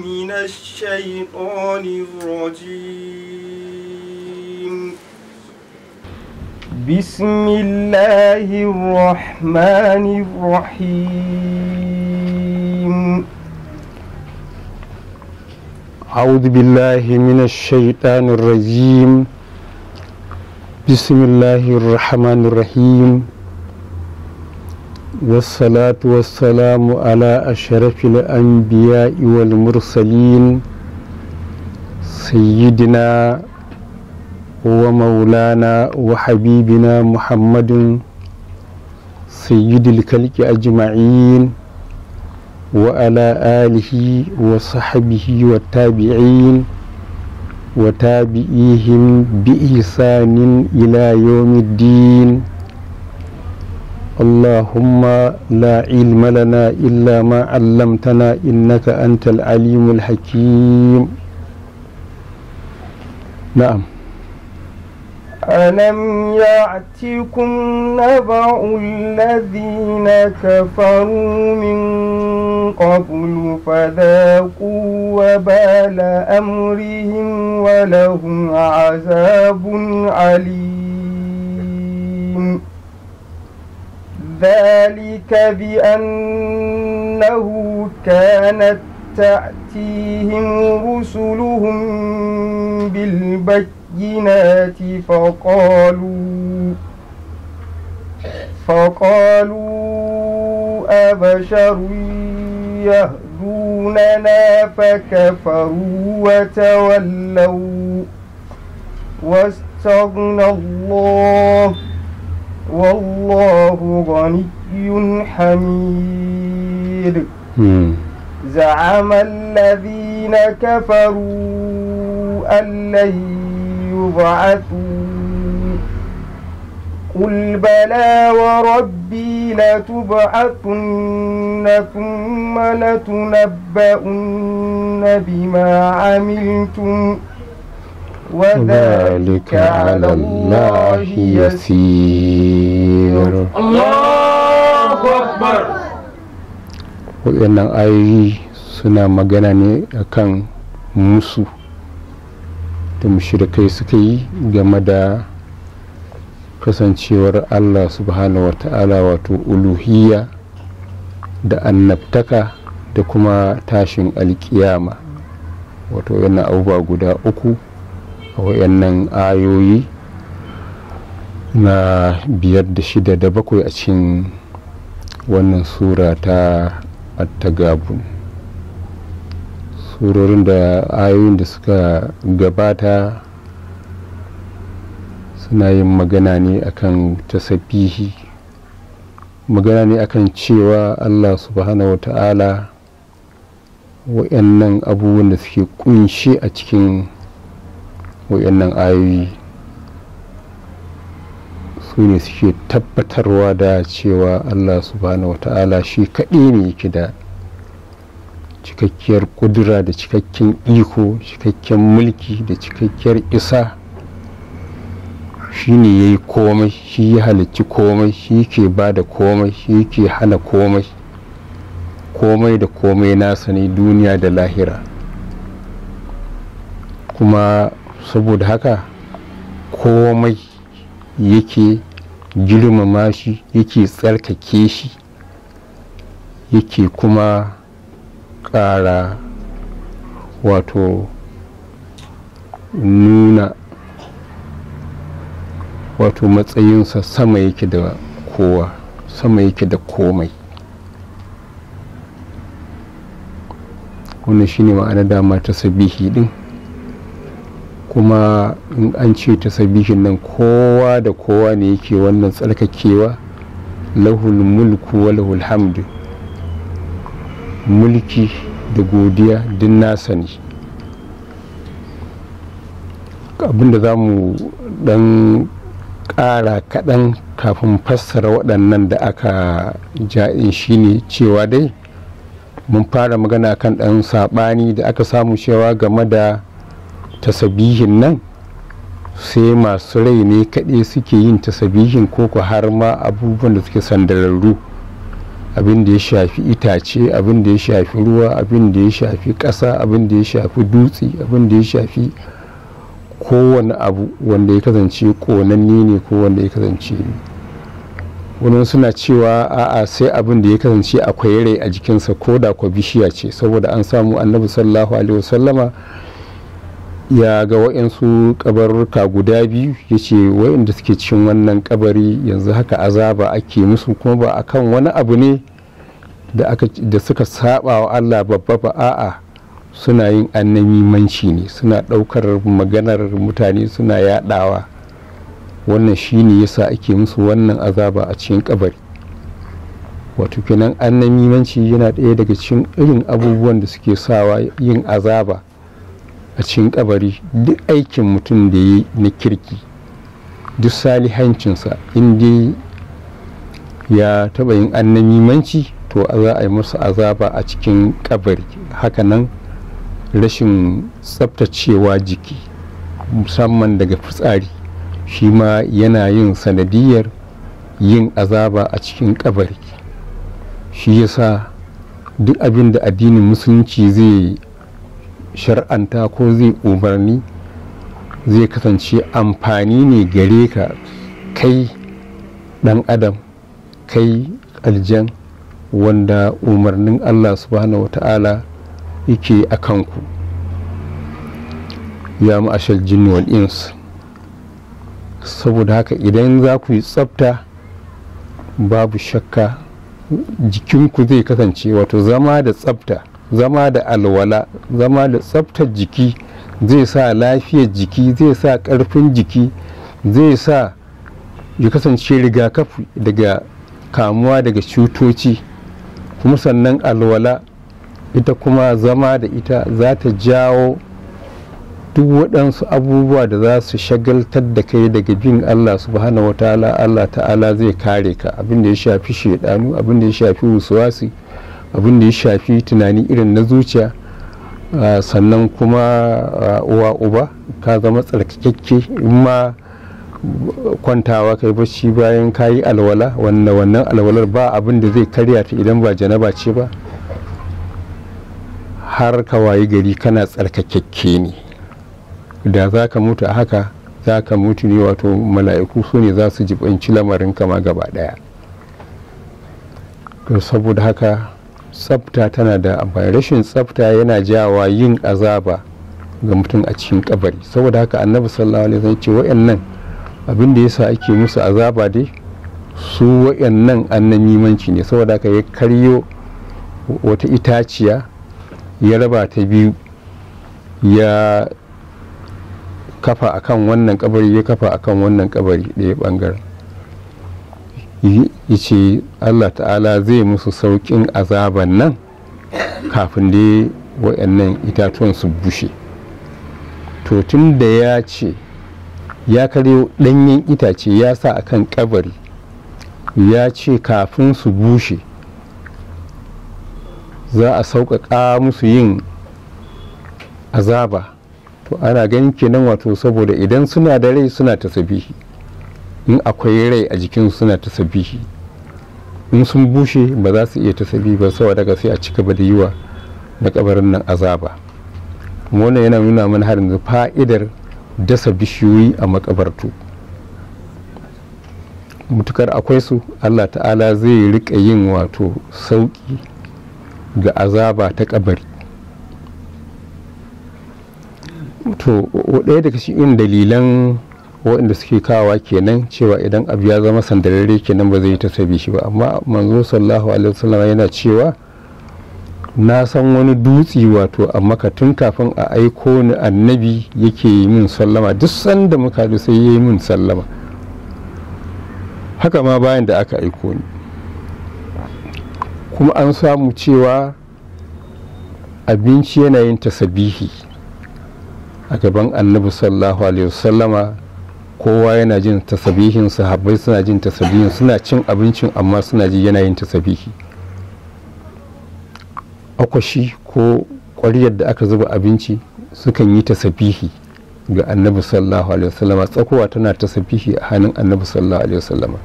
من الشيطان الرجيم بسم الله الرحمن الرحيم أعوذ بالله من الشيطان الرجيم بسم الله الرحمن الرحيم والصلاة والسلام على أشرف الأنبياء والمرسلين سيدنا ومولانا وحبيبنا محمد سيد الكلك أجمعين وعلى آله وصحبه والتابعين وتابعيهم بإحسان إلى يوم الدين اللهم لا علم لنا إلا ما علمتنا إنك أنت العليم الحكيم نعم ألم يأتكم نبأ الذين كفروا من قبل فذاقوا وبال أمرهم ولهم عذاب عليم ذلك بأنه كانت تأتيهم رسلهم بالبينات فقالوا فقالوا أبشر يهدوننا فكفروا وتولوا واستغنى الله والله غني حميد زعم الذين كفروا أن لن يبعثوا قل بلى وربي لتبعثن ثم لتنبؤن بما عملتم ۖ وذلك على الله يسير waɗannan ayoyi suna magana ne a kan musu da mushrikai suka yi game da kasancewar Allah subhanahu ta'ala wato uluhiyya da annabtaka da kuma tashin alkiyama wato yana abubuwa guda uku wayannan ayoyi na biyar da shida da bakwai a cikin wannan sura ta attagabun surorin da ayoyin da suka gabata suna yin magana ne akan tasabihi magana ne akan cewa allah subhanahu wa ta'ala wa'annan abubuwan da suke kunshe a cikin wa'annan ayoyi su ne suke tabbatarwa da cewa allah subhanahu wa ta'ala shi kaɗai ne yake da cikakkiyar kudura da cikakken iko cikakken mulki da cikakkiyar isa shi ne ya yi komai shi ya halicci komai shi ke ba da komai shi ke hana komai komai da komai nasa ne duniya da lahira kuma saboda haka komai yake girmama shi yake tsarkake shi yake kuma ƙara wato nuna wato matsayinsa sama yake da kowa sama yake da komai wannan shine ma'ana dama ta sabihi din kuma in an ce ta sabihin nan kowa da kowa ne yake wannan tsarkakewa lahul mulku wa lahul hamdu mulki da godiya din nasa ne abinda za mu dan ƙara kaɗan kafin fassara waɗannan da aka ja'in shi ne cewa dai mun fara magana kan ɗan saɓani da aka samu cewa game da tasabihin nan sai masu rai ne kaɗai suke yin tasabihin koko har ma abubuwan da suke sandararru abin da ya shafi itace abin da ya shafi ruwa abin da ya shafi ƙasa abin da ya shafi dutse abin da ya shafi kowane abu wanda ya kasance konanne ne ko wanda ya kasance wani suna cewa a'a sai abin da ya kasance akwai rai a jikinsa ko da ko bishiya ce saboda an samu annabi sallallahu alaihi wasallama ya ga waɗansu kabarurka guda biyu ya ce waɗanda suke cikin wannan kabari yanzu haka azaba ake musu kuma ba a kan wani abu ne da suka saba wa allah babba ba a'a suna yin manci ne suna ɗaukar maganar mutane suna yaɗawa wannan shine sa ake musu wannan azaba a cikin kabari wato kenan manci yana ɗaya daga cikin irin abubuwan da suke sawa yin azaba a cikin kabari duk aikin mutum da ya na kirki duk salihancinsa inda ya taba yin annamimanci to za a yi masa azaba a cikin kabari nan rashin tsaftacewa jiki musamman daga fitsari shi ma yana yin sanadiyar yin azaba a cikin kabari shi yasa duk abin da addinin musulunci zai shar'anta ko zai umarni zai kasance amfani ne gare ka kai dan adam kai aljan wanda umarnin allah subhanahu wata'ala yake a kanku ya ma'ashal jinni ins saboda haka idan za ku yi tsafta babu shakka jikinku zai kasance wato zama da tsabta. zama da alwala zama da tsaftar jiki zai sa lafiyar jiki zai sa ƙarfin jiki zai sa ya kasance rigakafi daga kamuwa daga cutoci kuma sannan alwala ita kuma zama da ita za ta jawo duk waɗansu abubuwa da za su shagaltar da kai daga bin Allah subhanahu wataala Allah ta'ala zai kare ka abin da ya shafi shaidanu abin da ya shafi wasu abin da ya shafi tunani irin na zuciya sannan kuma uwa uba ka zama tsarkakakke in ma kwantawa kai bacci bayan ka yi alwala wanda wannan alwalar ba abin da zai karya ta idan ba janaba ce ba har ka wayi gari kana tsarkakakke ne da za ka mutu a haka za ka mutu ne wato mala'iku su ne za su jibanci lamarin kama gaba daya saboda haka tsafta tana da amfani rashin tsafta yana jawa yin azaba ga mutum a cikin kabari saboda haka annabi sallallahu alaihi wasallam ce wayannan abin da yasa ake musu azaba dai su wayannan annamimanci ne saboda haka ya karyo wata itaciya ya raba ta biyu ya kafa akan wannan kabari ya kafa akan wannan kabari ɗaya bangaren ce Allah ta'ala zai musu saukin azaban nan kafin da waɗannan itatuwan su bushe to tun da ya ce ya karyo ɗanyen itace ya sa a kan ƙabari ya ce kafin su bushe za a sauƙaƙa musu yin azaba to ana ganin kenan wato saboda idan suna da rai suna tasabihi in akwai rai a jikin suna ta sabihi in sun bushe ba za su iya ta sabi ba saboda daga sai a cika ba da yiwa makabarin nan azaba kuma wannan yana nuna mana harin yanzu fa'idar dasa bishiyoyi a makabartu mutukar akwai su allah ta'ala zai rika yin wato sauki ga azaba ta kabari to ɗaya daga in dalilan waɗanda suke kawa kenan cewa idan abu ya zama sandararre kenan ba zai yi tasabi shi ba amma manzo sallallahu alaihi wasallam yana cewa na san wani dutsi wato a maka tun kafin a aiko ni annabi yake yi min sallama duk sanda muka da sai yayi yi min sallama haka ma bayan da aka aiko ni kuma an samu cewa abinci yana yin tasabihi a gaban annabi sallallahu alaihi wasallama kowa yana jin tasabihin sahabbai suna jin tasabihin suna cin abincin amma suna ji yana yin tasabihi akwashi ko ƙwaryar da aka zuba abinci sukan yi tasabihi ga annabi sallallahu alaihi wasallama tsakowa tana tasabihi a hannun annabi sallallahu alaihi wasallama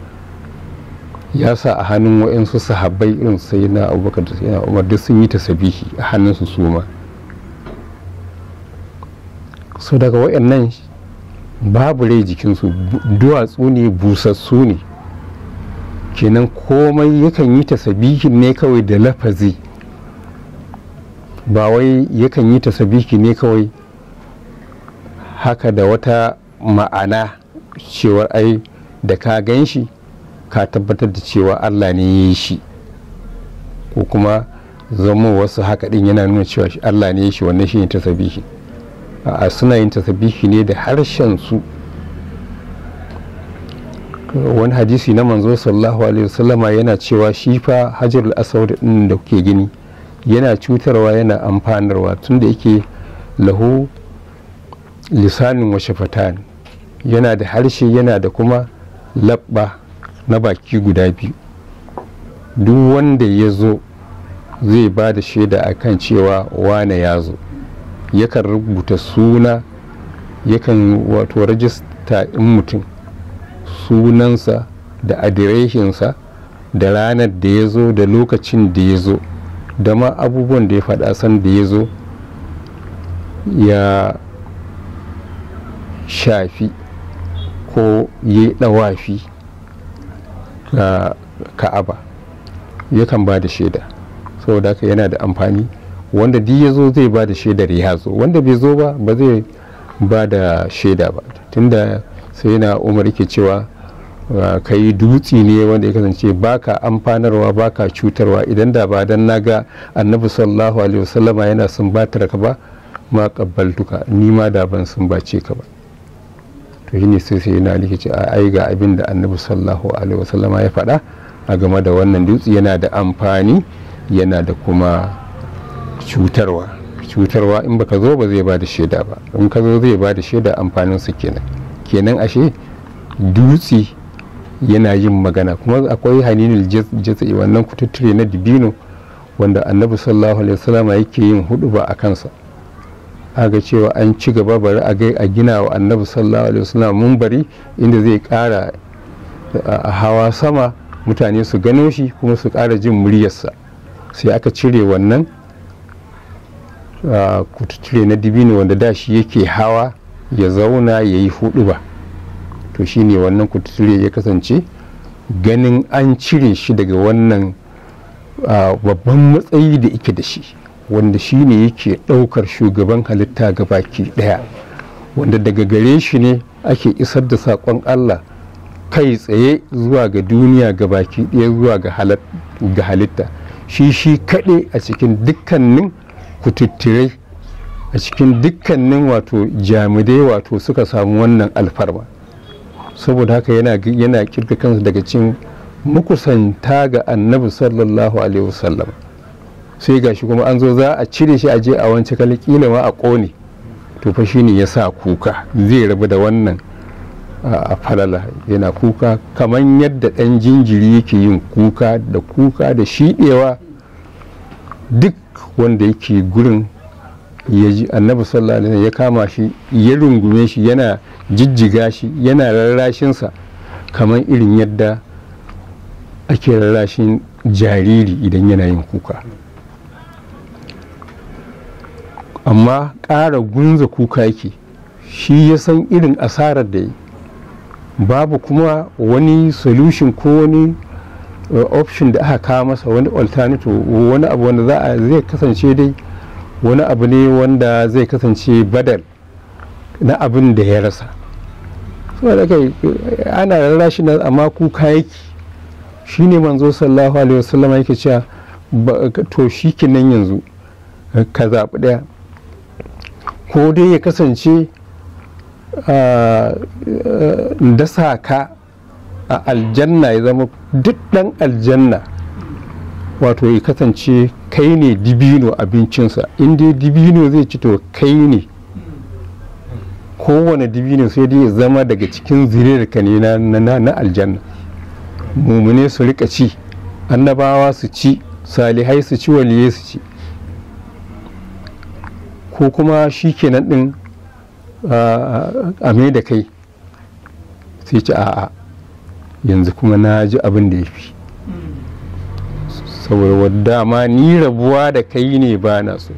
ya sa a hannun wa'insu sahabbai irin sai na abubakar da sai na umar duk sun yi tasabihi a hannun su suma so daga wa'annan babu rai jikinsu duwatsu ne busassu ne kenan komai yakan yi tasabihin ne kawai da lafazi ba wai yakan yi tasabihi ne kawai haka da wata ma'ana cewar ai da ka gan shi ka tabbatar da cewa allah ne ya yi shi ko kuma zama wasu haka din yana nuna cewa allah ne ya shi wannan shi ne tasabihi a suna yin tasabihi ne da harshen su wani hadisi na manzo sallallahu alaihi wasallama yana cewa shi fa hajarul aswad din da kuke gini yana cutarwa yana amfanarwa tunda yake lahu lisanin washe shafatan yana da harshe yana da kuma labba na baki guda biyu duk wanda ya zo zai ba da shaida akan cewa wane ya zo yakan rubuta suna yakan wato rajista in mutum sunansa da adireshinsa da ranar da ya zo da lokacin da ya zo da ma abubuwan da ya faɗa san da ya zo ya shafi ko ya ɗawafi ga ka'aba yakan ba da shaida saboda haka yana da amfani wanda duk ya zo zai ba da shaidar ya zo wanda bai zo ba ba zai ba da shaida ba tunda sai na umar yake cewa kai dutsi ne wanda ya kasance baka amfanarwa baka cutarwa idan da ba dan naga annabi sallallahu alaihi wasallama yana sumbatar ka ba ma kabbaltuka ni ma da ban sumbace ka ba to shine sai sai na likici a ai ga abin da annabi sallallahu alaihi wasallama ya faɗa a game da wannan dutse yana da amfani yana da kuma cutarwa cutarwa in baka zo ba zai bada shaida ba in ka zo zai bada shaida shaida su kenan kenan ashe dutse yana yin magana kuma akwai haninul jaza'i wannan kututture na dibino wanda annabi sallallahu alaihi wasallam yake yin hudu ba a kansa aga cewa an ci gaba bari a gina wa annabi sallallahu alaihi wasallam munbari inda zai kara hawa sama mutane su gano shi kuma su kara jin muryarsa sai aka cire wannan kututture na dibino wanda da shi yake hawa ya zauna ya yi hudu ba to shine wannan kututure ya kasance ganin an cire shi daga wannan babban matsayi da ike da shi wanda shi ne yake daukar shugaban halitta ga baki ɗaya wanda daga gare shi ne ake isar da sakon allah kai tsaye zuwa ga duniya ga baki ɗaya zuwa ga halitta shi shi kaɗai a cikin dukkanin kututturai a cikin dukkanin wato jamidai wato suka samu wannan alfarma saboda haka yana kirka kansu daga cikin mukusanta ga annabi sallallahu alaihi wasallam sai gashi kuma an zo za a cire shi a je a wance kila ma a ƙone to fa shine ya sa kuka zai rabu da wannan a falala yana kuka kamar yadda dan jinjiri yake yin kuka da kuka da shiɗewa duk wanda yake gurin ya ji annabi sallallahu ya kama shi ya rungume shi yana jijjiga shi yana rarrashinsa kamar irin yadda ake rarrashin jariri idan yana yin kuka amma ƙara gunza kuka yake shi ya san irin asarar da yi babu kuma wani solution ko wani option da aka kawo masa wani alternative wani abu wanda za a zai kasance dai wani abu ne wanda zai kasance badal na abin da ya rasa saboda kai ana rarrashi na amma kuka yake shine manzo sallallahu alaihi wasallam yake cewa to shi kinan yanzu ka zaɓi ɗaya ko dai ya kasance ah, eh, dasa ka a aljanna ya zama duk dan aljanna wato ya kasance kai ne dibino abincinsa in dai dibino zai ci to kai ne kowane dibino sai dai ya zama daga cikin zirar ka ne na aljanna mumune su rika ci annabawa su ci salihai su ci waliye su ci ko kuma shi kenan din a mai da kai sai ci a'a yanzu kuma na ji abin da ya fi saboda wadda ma ni rabuwa da kai ne ba na so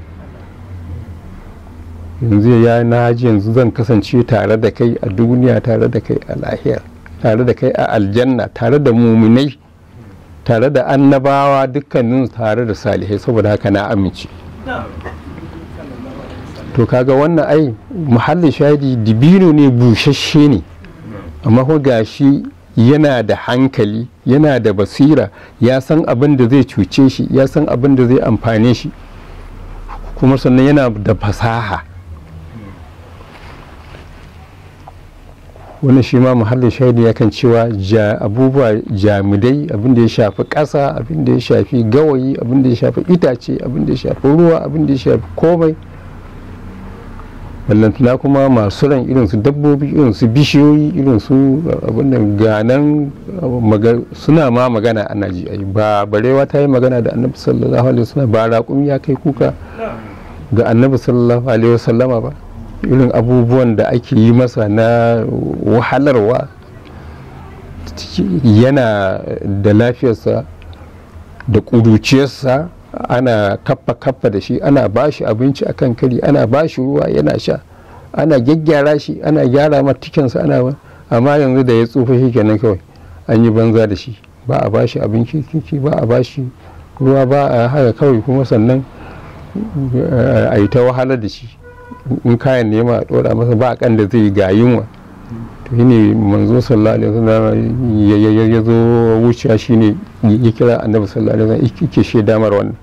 yanzu ya na ji yanzu zan kasance tare da kai a duniya tare da kai a lahiyar tare da kai a aljanna tare da muminai tare da annabawa dukkanin tare da salihai saboda haka na amince to kaga wannan ai muhallin shahidi dibino ne bushashe ne amma ko gashi yana da hankali yana da basira ya san abin da zai cuce shi ya san abin da zai amfane shi kuma sannan yana da fasaha wani shi ma muhallin shaidi yakan cewa abubuwa jamidai abin da ya shafi ƙasa abin da ya shafi gawayi abin da ya shafi itace abin da ya shafi ruwa abin da ya shafi komai ballantana kuma masu ran irin su dabbobi irin su bishiyoyi irin su uh, abinnan ganan uh, suna ma magana ana ji ba barewa ta yi magana da annabi sallallahu alaihi wasallam ba raƙum ya kai kuka ga annabi sallallahu alaihi wasallama ba irin abubuwan da ake yi masa na wahalarwa yana uh, da lafiyarsa da ƙuduciyarsa ana kaffa kaffa da shi ana ba shi abinci a kan kari ana ba shi ruwa yana sha ana gyaggyara shi ana gyara matikinsa ana amma yanzu da ya tsufa shi nan kawai an yi banza da shi ba a ba shi abinci kiki ba a ba shi ruwa ba a haka kawai kuma sannan eh, a yi ta wahala da shi in kayan nema a dora masa ba a kan da zai ga yunwa to shine manzo sallallahu alaihi wasallam ya zo wuciya shine ya kira annabi sallallahu alaihi wasallam yake she damar wannan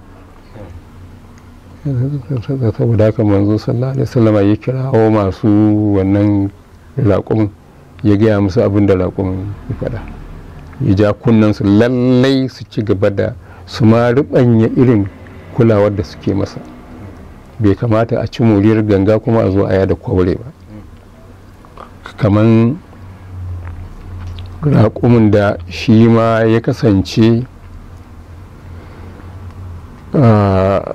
saboda haka manzo sallallahu alaihi wasallam ya kirawo masu wannan raƙumin ya gaya musu abin da raƙumin ya faɗa ya ja kunnansu lallai su ci gaba da su ma ruɓanya irin kulawar da suke masa bai kamata a ci muriyar ganga kuma a zo a yada kwaure ba kamar raƙumin da shi ma ya kasance ah,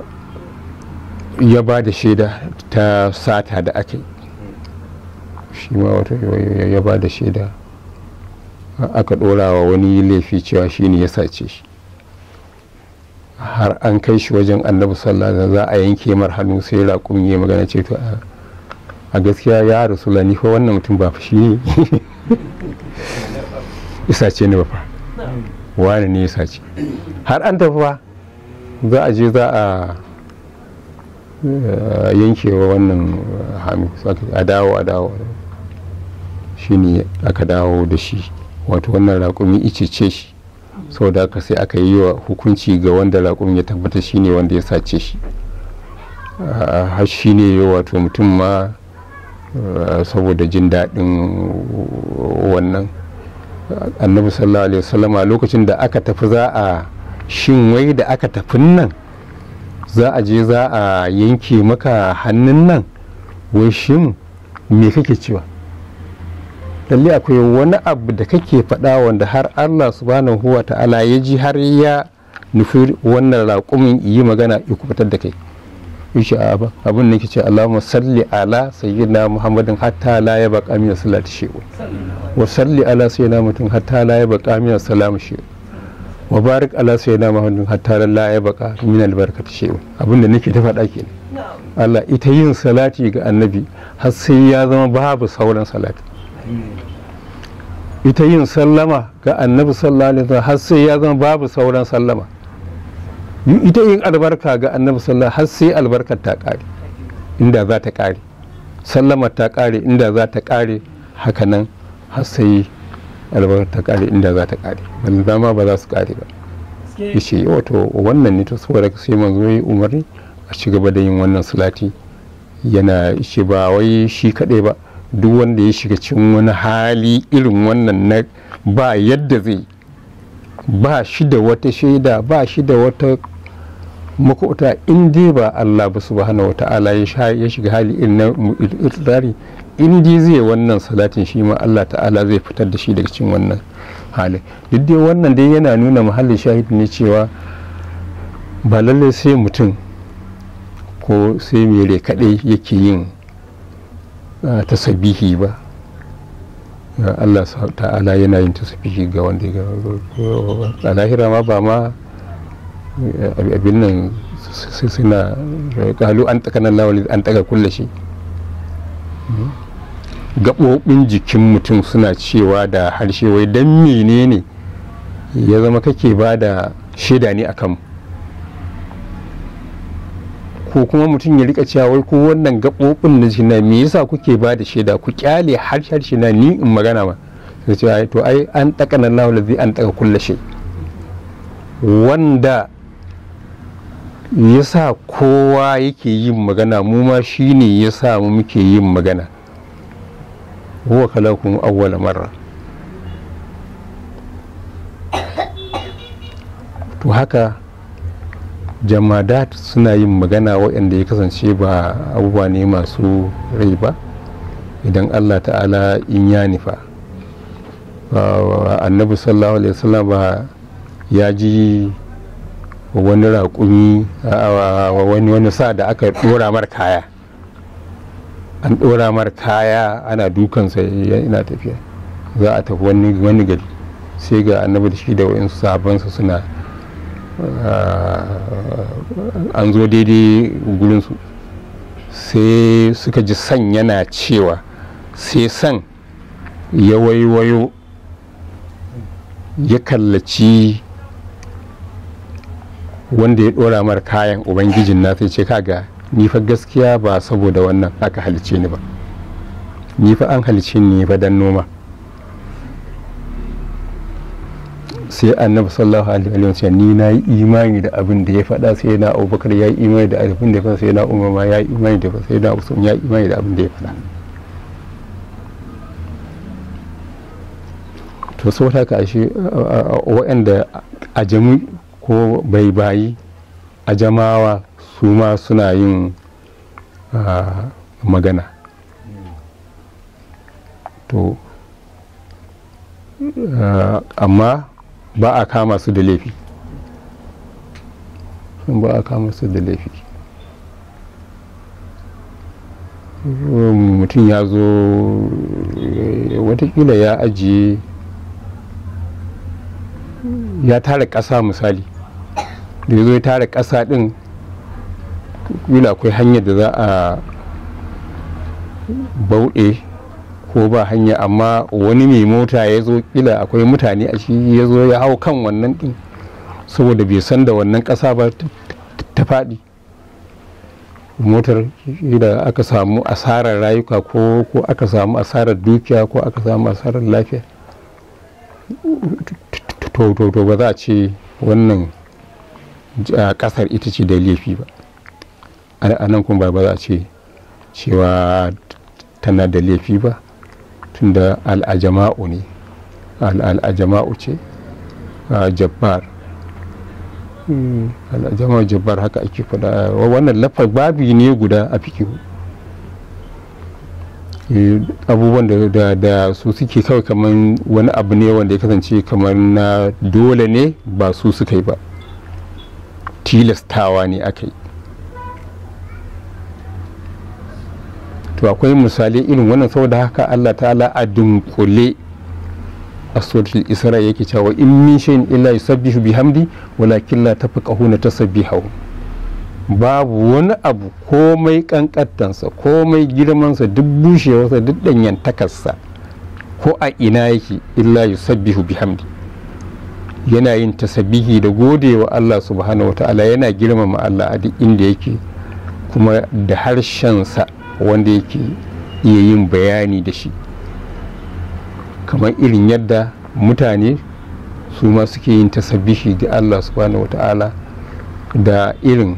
ya ba da shaida ta sata da ake shi ma wata ya ba da shaida aka ɗora wa wani laifi cewa shi ne ya sace shi har an kai shi wajen annabi sallallahu za a yanke mar hannu sai raƙumin ya magana ce to a a gaskiya ya rasula ni fa wannan mutum ba shi ne isa ce ne ba fa wani ne isa ce har an tafi ba za a je za a eh, yankewa wannan eh, hami a dawo a dawo shi ne aka dawo da shi wato wannan raƙumi icece shi sau da aka sai aka yi wa hukunci ga wanda raƙumin ya tabbata shi ne wanda ya sace shi ah, har shi ne wato mutum ma saboda jin daɗin wannan annabi sallallahu alaihi wasallama lokacin da aka tafi za a shin wai da aka tafi nan za a je za a yanke maka hannun nan wai shin me kake cewa lalle akwai wani abu da kake faɗa wanda har allah subhanahu wa ta'ala ya ji har ya nufi wannan raƙumin yi magana ya kubutar da kai yake a abin da ce Allahumma salli ala sayyidina Muhammadin hatta la ya baqa min salati shi'u wa salli ala sayyidina mutum hatta la ya baqa min salamu shi'u wa barik ala sayyidina Muhammadin hatta la ya baqa min albarakati shi'u abin da nake ta faɗa ke Allah ita yin salati ga annabi har sai ya zama babu sauran salati ita yin sallama ga annabi sallallahu alaihi wasallam har sai ya zama babu sauran sallama ita yin albarka ga annabi sallah har sai albarkar ta kare inda za ta kare sallama ta kare inda za ta kare hakanan har sai albarkar ta kare inda za ta kare wani zama ba za su kare ba yace wato wannan ne ta saboda sai manzo yi umarni a ci gaba da yin wannan salati yana shi ba wai shi kadai ba duk wanda ya shiga cikin wani hali irin wannan na ba yadda zai ba shi da wata shaida ba shi da wata makwabta in dai ba Allah ba subhanahu wata'ala ya shiga hali irin na mutsari in dai zai wannan salatin shi ma Allah ta'ala zai fitar da shi daga cikin wannan halin duk dai wannan dai yana nuna muhallin shahid ne cewa ba lallai sai mutum ko sai mere kadai yake yin tasabihi ba Allah ta'ala yana yin tasabihi ga wanda ya ga lahira ma ba ma abin nan suna kalu an taka nan lawali an taka kulle shi gaɓoɓin jikin mutum suna cewa da harshe wai don menene ya zama kake ba da shaida ne a kanmu ko kuma mutum ya rika cewa ko wannan gaɓoɓin na jina me yasa kuke ba da shaida ku kyale harshe harshe na ni in magana ma sai cewa to ai an taka nan lawali an taka kulle shi wanda yasa kowa yake yin magana mu ma shi shine yasa mu muke yin magana huwa kalakun awwala marra to haka jamadat suna yin magana waɗanda ya kasance ba abubuwa ne masu rai ba idan allah ta'ala in ya nifa annabi sallallahu alaihi wasallam ya ji wani raƙumi a wani wani sa da aka ɗora mar kaya an ɗora mar kaya ana dukansa yana tafiya za a tafi wani gari sai ga annabi da shi da wa'insu sabonsa suna an zo daidai gurinsu sai suka ji san yana cewa sai san ya waiwayo ya kallaci wanda ya dora mar kayan ubangijin na sai ce kaga ni fa gaskiya ba saboda wannan aka halice ni ba ni fa an halice ni fa dan noma sai annabi sallallahu alaihi wa sallam ni na yi imani da abin da ya faɗa sai na abubakar ya yi imani da abin da ya faɗa sai na umar ma ya yi imani da sai na usman ya yi imani da abin da ya faɗa to saboda ka ashe waɗanda a jami ko baibayi a jamawa su ma suna yin magana to amma ba a kama su da laifi ba a kama su da laifi mutum ya zo watakila ya ajiye ya tara ƙasa misali da ya zo ya tara ƙasa ɗin yana akwai hanyar da za a bauɗe ko ba hanya amma wani mai mota ya zo kila akwai mutane a shi ya zo ya hau kan wannan ɗin saboda bai san da wannan ƙasa ba ta faɗi motar da aka samu asarar rayuka ko ko aka samu asarar dukiya ko aka samu asarar lafiya to to to ba za a ce wannan kasar ita ce da laifi ba a nan kuma ba za a ce cewa tana da laifi ba tunda al'ajama'u ne al'ajama'u ce jabbar hmm. al'ajama'u jabbar haka ake faɗa wannan lafar babi ne guda a fiki eh, abubuwan da su suke kawai kamar wani abu ne wanda ya kasance kamar na dole ne ba su suka yi ba tilastawa ne aka yi to akwai misali irin wannan saboda haka Allah ta'ala a dunkule a sotil isra yake cewa in min shay'in illa yusabbihu bihamdi walakin la sabbi hau babu wani abu komai kankantansa komai girmansa duk bushewarsa duk danyantakarsa ko a ina yake illa yusabbihu bihamdi yana yin tasabihi da godewa Allah subhanahu wa ta'ala yana girmama Allah a duk inda yake kuma da harshen sa wanda yake iya yin bayani da shi kamar irin yadda mutane su ma suke yin tasabihi ga Allah subhanahu wa ta'ala da irin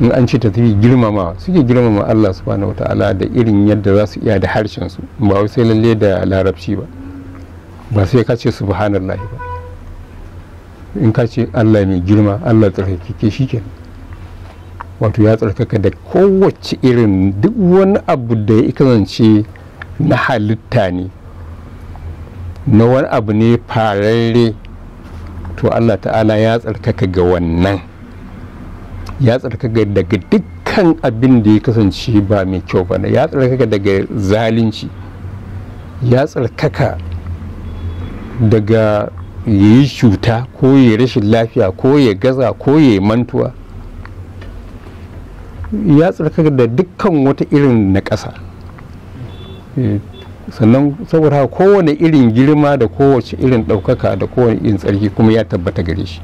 in an ce tasabihi girmama suke girmama Allah subhanahu wa ta'ala da irin yadda za su iya da harshen su. ba wai sai lalle da larabci ba ba sai ka ce subhanallahi ba in ka ce allah mai girma allah tsarkakeke shi ke wato ya tsarkaka da kowace irin duk wani abu da ya kasance na halitta ne na wani abu ne fararre to allah ta'ala ya tsarkaka ga wannan ya tsarkaka daga dukkan abin da ya kasance ba mai kyau ba ya tsarkaka daga zalunci ya tsarkaka daga ya yi cuta ko ya rashin lafiya ko ya gaza ko ya yi mantuwa ya tsarkar da dukkan wata irin na ƙasa eh, sannan saboda haka kowane irin girma da kowace irin ɗaukaka da kowane irin tsarki kuma ya tabbata gare shi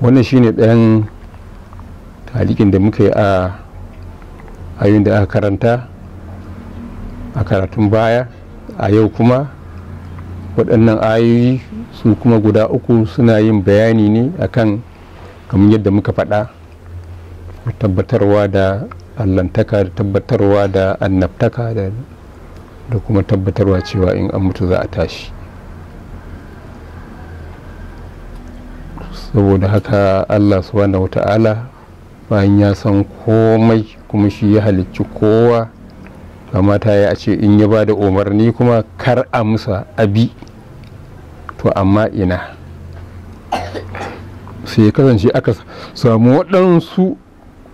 wannan shine ɗayan talikin da muka yi a yin da aka karanta a karatun baya a yau kuma waɗannan ayoyi su kuma guda uku suna yin bayani ne akan kamar yadda muka faɗa tabbatarwa da allantaka da tabbatarwa da annabtaka da kuma tabbatarwa cewa in an mutu za a tashi saboda haka allah subhanahu wata'ala bayan ya san komai kuma shi ya halicci kowa kamata ya a ce in ya ba da umarni kuma kar a musa abi to amma ina sai kasance aka samu waɗansu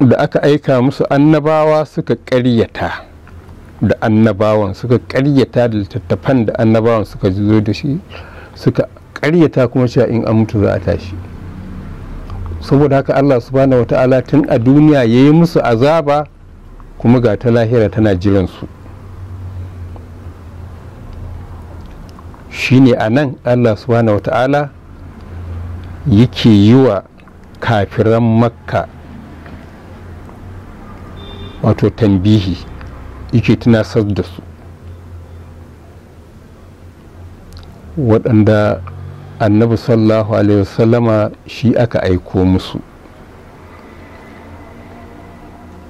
da aka aika musu annabawa suka ƙaryata da annabawan suka ƙaryata da littattafan da annabawan suka zo da shi suka ƙaryata kuma cewa in an mutu za a tashi saboda haka Allah subhanahu ta'ala tun a duniya ya yi musu azaba kuma ga ta lahira tana jiransu shi ne a nan Allah subhanahu ta'ala yake yi wa kafiran makka wato tambihi yake tunasar da su waɗanda annabi sallallahu alaihi wasallama shi aka aiko musu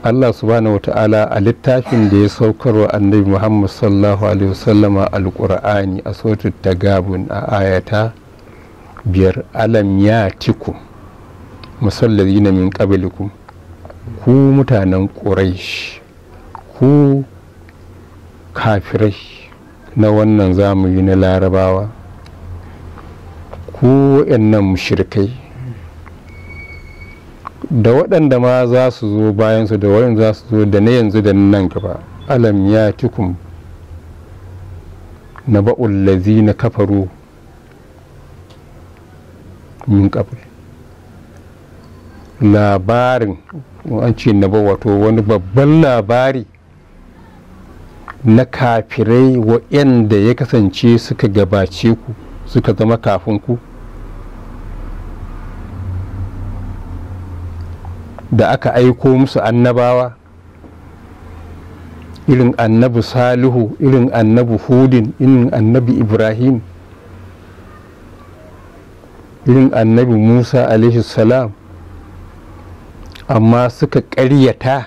Allah subhanahu wata'ala a littafin da ya saukarwa annabi Muhammad sallallahu alaihi wasallama alqur'ani a sautar tagabun a ayata biyar alam ya tiku musallazina min qablikum ku mutanen quraish ku kafirai na wannan zamani na larabawa ku nan mushrikai da waɗanda ma za su zo bayansu da wayan za su zo da na yanzu da nan gaba alam ya tikum na ba'ul lazi na kafaru min kabul labarin an ce na wato wani babban labari na kafirai da ya kasance suka gabace ku suka zama kafin ku da aka aiko musu annabawa irin annabi salihu irin annabi hudin irin annabi ibrahim irin annabi musa alaihi salam amma suka ƙaryata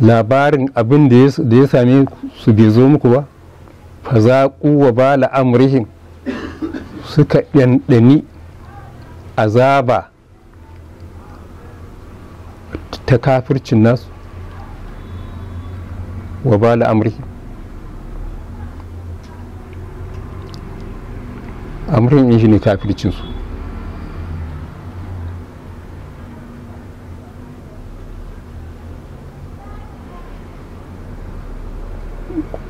labarin abin da ya same su bai zo muku ba fa za wa bala la'amurihin suka ɗanɗani azaba ta kafircin nasu wa bala amri amrin in shi ne kafircinsu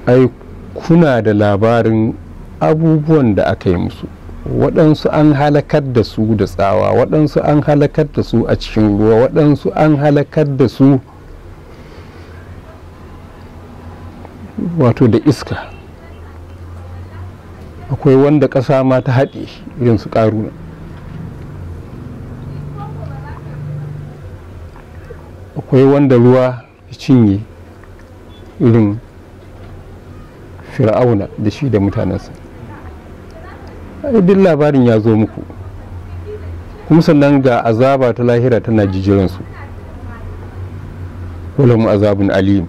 ai kuna da labarin abubuwan da aka yi musu waɗansu an halakar da su da tsawa waɗansu an halakar da su a cikin ruwa waɗansu an halakar da su wato da iska akwai wanda ƙasa ma ta haɗe irin su ƙaru akwai wanda ruwa ya cinye irin fir'auna da shi da mutanensa duk labarin ya zo muku kuma sannan ga azaba ta lahira tana jijiransu mu azabun alim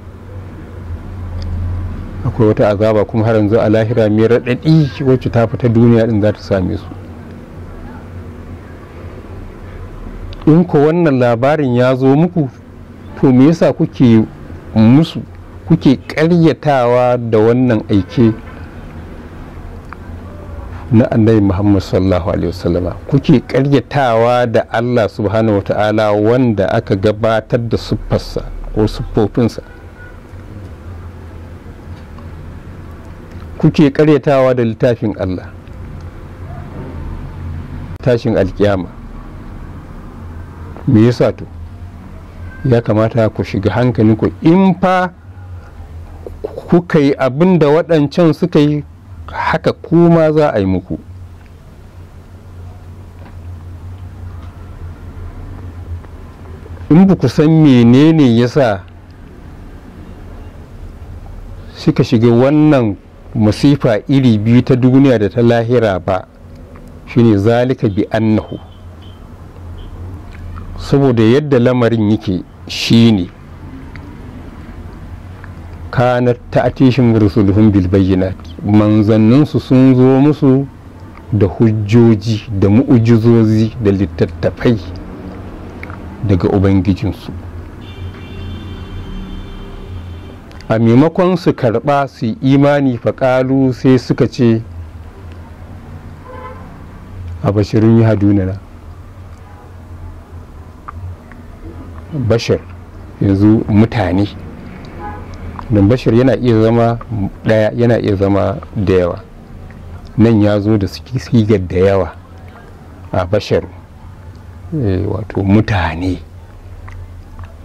akwai wata azaba kuma har yanzu a lahira mai raɗaɗi wacce ta fita duniya din za ta same su in ko wannan labarin ya zo muku to me yasa kuke musu kuke ƙaryatawa da wannan aike na annabi muhammad sallallahu alaihi wasallam kuke karyatawa da allah subhanahu ta'ala wanda aka gabatar da siffarsa ko siffofinsa kuke karyatawa da littafin allah tashin alkiyama me yasa to ya kamata ku shiga hankalinku in fa kuka yi abin waɗancan suka yi haka kuma za a yi muku in ba ku san menene ya sa suka shiga wannan masifa iri biyu ta duniya da ta lahira ba shine zalika bi annahu saboda yadda lamarin yake shine kanar ta rusuluhum bil bayyinat manzannin manzanninsu sun zo musu da hujjoji da mu'ujizozi da littattafai daga ubangijinsu a maimakon su karɓa su imani faƙalu sai suka ce a bashirin yi na, bashir yanzu mutane da bashir yana iya zama daya yana iya zama da yawa nan ya zo da sigar da yawa a bashar eh, wato mutane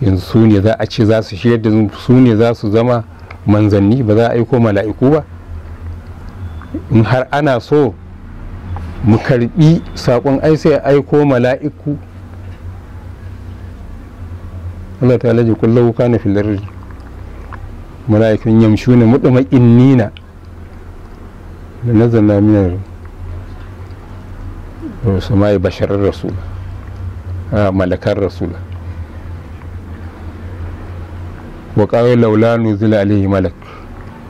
yanzu su ne za a ce za su shirya da su ne za su zama manzanni ba za a aiko mala'iku ba in har ana so mu karbi saƙon ai sai aiko mala'iku Allah ta alaji kullum mala'ikun yamshuna mutma'innina da nazarna minar yi basharar rasula malakar rasula wa ƙawai laula nuzila alaihi malak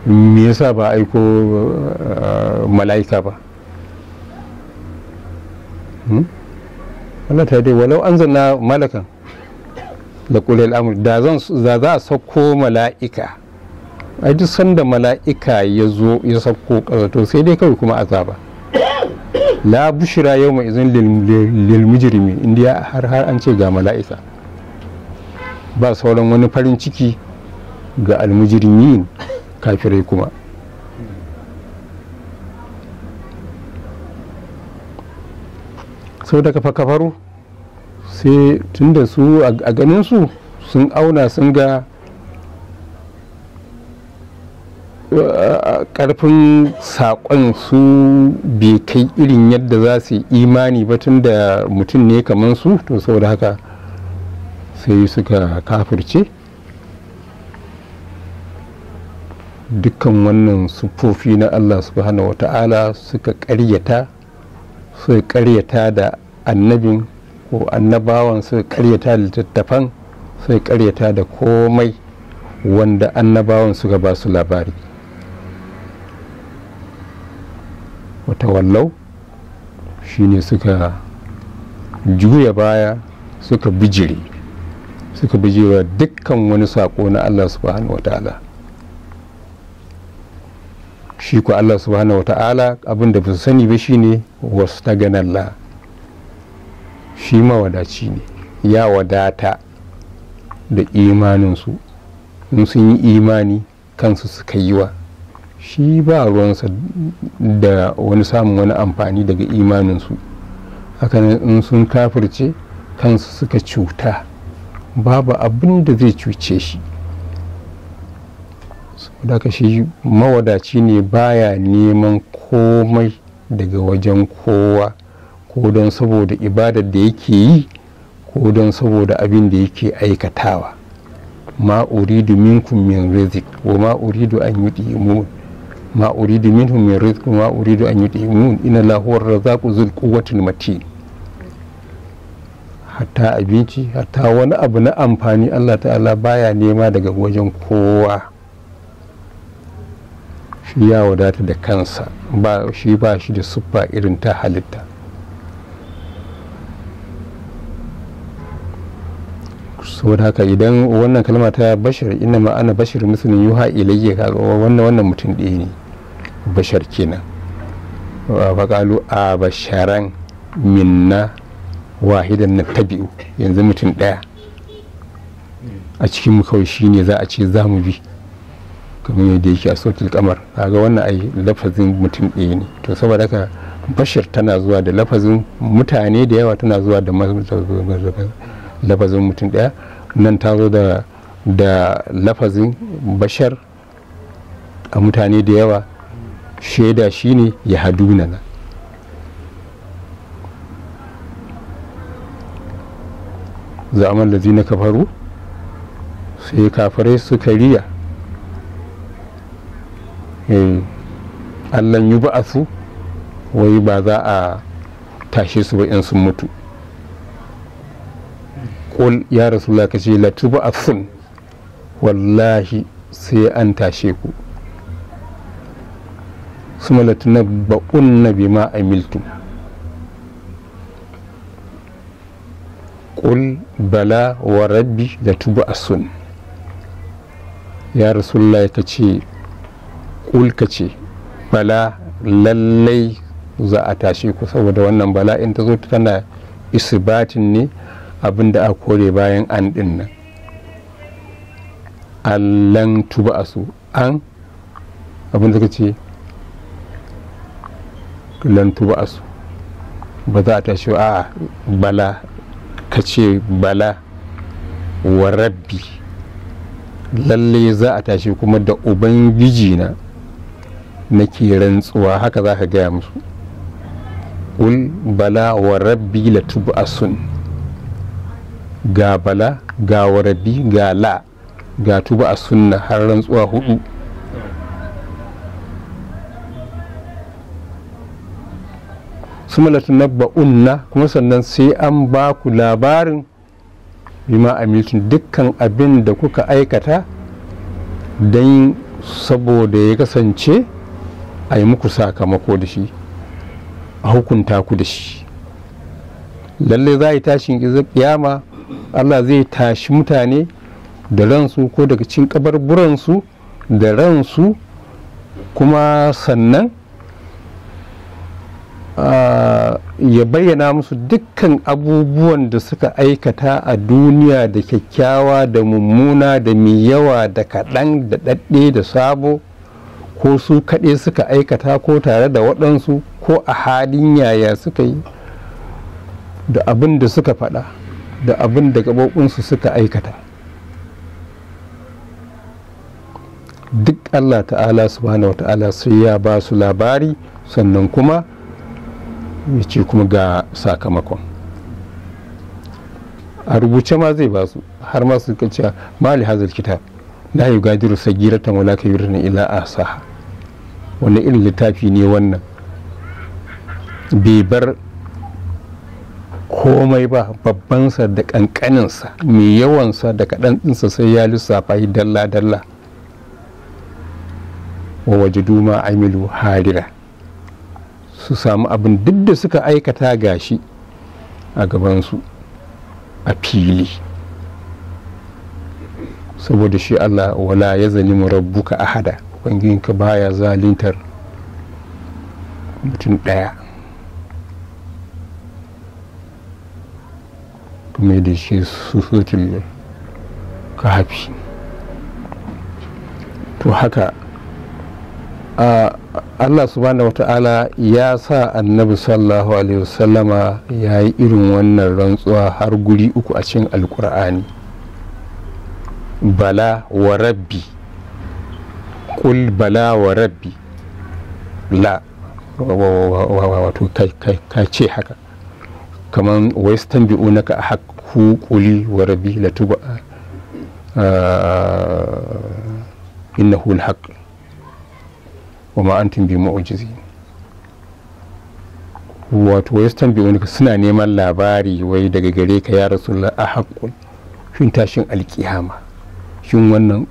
me yasa ba aiko mala'ika ba hmm? Allah ta dai walau an zanna malakan da kulle al'amur da za a sauko mala'ika a duk sanda mala'ika ya zo ya sauko sai dai kawai kuma azaba la bushira yau mai izin lil mujrimi indiya har har an ce ga mala'ika ba sauran wani farin ciki ga almijirmi kafirai kuma sau da kafa kafaru sai tunda su a ganin su sun auna sun ga karfin saƙon su bai kai irin yadda za su imani ba tun da mutum ne kamar su to saboda haka sai suka kafirce dukkan wannan sufofi na allah subhanahu wa ta'ala suka karyata suka karyata da annabin ko annabawan suka karyata littattafan suka karyata da komai wanda annabawan suka ba su labari wata wallau shine suka juya baya suka bijire suka bijira dukkan wani sako na allah subhanahu ta'ala shi ku allah subhanahu wa abin abinda ba su sani ba shine wasu ta ganalla shi ma mawadaci ne ya wadata da imaninsu in sun yi imani kansu suka yi wa shi ba ruwansa da wani samun wani amfani daga imaninsu hakan in sun kafirce kansu suka cuta babu abin da zai cuce shi saboda shi mawadaci ne baya neman komai daga wajen kowa ko don saboda ibadar da yake yi ko don saboda abin da yake aikatawa ma uridu minkum min rizik wa ma uridu an yi ma uridu minhum min rizq ma uridu an mun inna Allahu ar-razzaqu dhul quwwatil mati hatta abinci hatta wani abu na amfani Allah ta'ala baya nema daga wajen kowa shi ya wadata da kansa ba shi ba shi da siffa irin ta halitta saboda haka idan wannan kalma ta bashir ina ana bashir musulun yuha ilayya kaga wannan mutum ɗaya ne bashar kenan faƙalu a basharan minna wahidan na ta biyu yanzu mutum ɗaya a cikin mu kawai shine za a ce za mu bi kamar yadda yake a sautil kamar ga wannan ai lafazin mutum ɗaya ne to saboda haka Bashar tana zuwa da lafazin mutane da yawa tana zuwa da lafazin mutum ɗaya nan ta zo da lafazin bashar a mutane da yawa shaida shine ya haduna na zaman da na kafaru sai kafirai suka riya eh, allan yi ba'asu wai ba za a tashe su ba in sun mutu ƙul ya rasu ka ce latu ba'asun wallahi sai an tashe ku suma na bima milto. ƙul bala wa rabbi sun ya rasulullahi ka ce ƙul ka ce bala lallai za a tashe ku saboda wannan bala in ta zo tana isbatin ne abinda a kore bayan an ɗin nan allan tuba a su an abinda ka ce lantu ba su ba za ta shi a bala ka ce bala wa rabbi lalle za a tashi kuma da ubangiji na ke rantsuwa haka za ka gaya musu ul bala wa rabbi la tub'asun ga bala ga wa rabbi ga la ga tuba a sunna har rantsuwa hudu nabba unna kuma sannan sai an ba ku labarin bima amiltun dukkan abin da kuka aikata don saboda ya kasance a yi muku sakamako da shi a hukunta ku da shi lallai za a yi tashin kiyama allah zai tashi mutane da ransu ko daga cin kabarburansu da ransu kuma sannan ya bayyana musu dukkan abubuwan da suka aikata a duniya da kyakkyawa da mummuna da mai yawa da kaɗan da ɗaɗɗe da sabo ko su kaɗai suka aikata ko tare da waɗansu ko a halin yaya suka yi da abin da suka faɗa da abin da gaɓoɓinsu suka aikata duk allah ta'ala su wa ta'ala sai ya ba su labari sannan kuma ci kuma ga sakamakon a rubuce ma zai basu har ma su cewa mali hazal kitab la yugadiru sagiratan wala ila illa saha wani irin littafi ne wannan bai bar komai ba babbansa da kankaninsa mai yawansa da kaɗan ɗinsa sai ya lissafa yi dalla-dalla wa waje duma amilu harira su samu abin duk da suka aikata gashi a gabansu a fili saboda shi allah wala ya zani rabbuka ahada ubangijinka baya zalintar mutum ɗaya kuma da shi ka hafi to haka a allah subhanahu wata'ala ya sa annabi sallallahu alaihi wasallama ya yi irin wannan rantsuwa har guri uku a cikin alkur'ani bala wa rabbi kul bala wa rabbi la wato ka ce haka kamar western bi'u na ka hukuli kuli wa rabbi latuba tuba ah, innahu al wa ma'antin bi mu'jizi wato wai tambayoni suna neman labari wai daga gare ka ya rasulullah a haƙƙun shin tashin alƙiyama shin wannan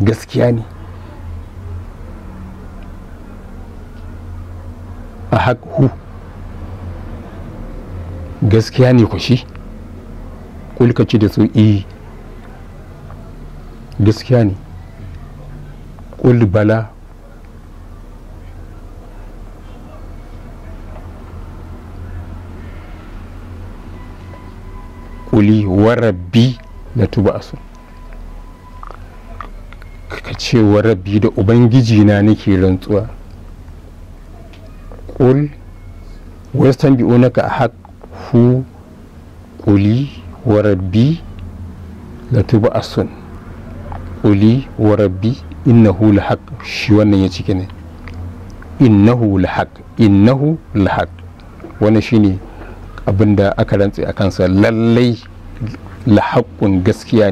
gaskiya ne a haƙƙu gaskiya ne ku shi kulkaci da su iya e, gaskiya ne ƙulbala bala kuli wa rabbi da tuba asu ka ce wa da ubangiji na nake rantsuwa kul western bi'unaka a haku kuli wa rabbi da tuba asun kuli wa rabbi innahu lahaq shi wannan ya ciki ne innahu lahaq innahu lahaq wannan shine abinda aka rantse a kansa lallai haƙƙun gaskiya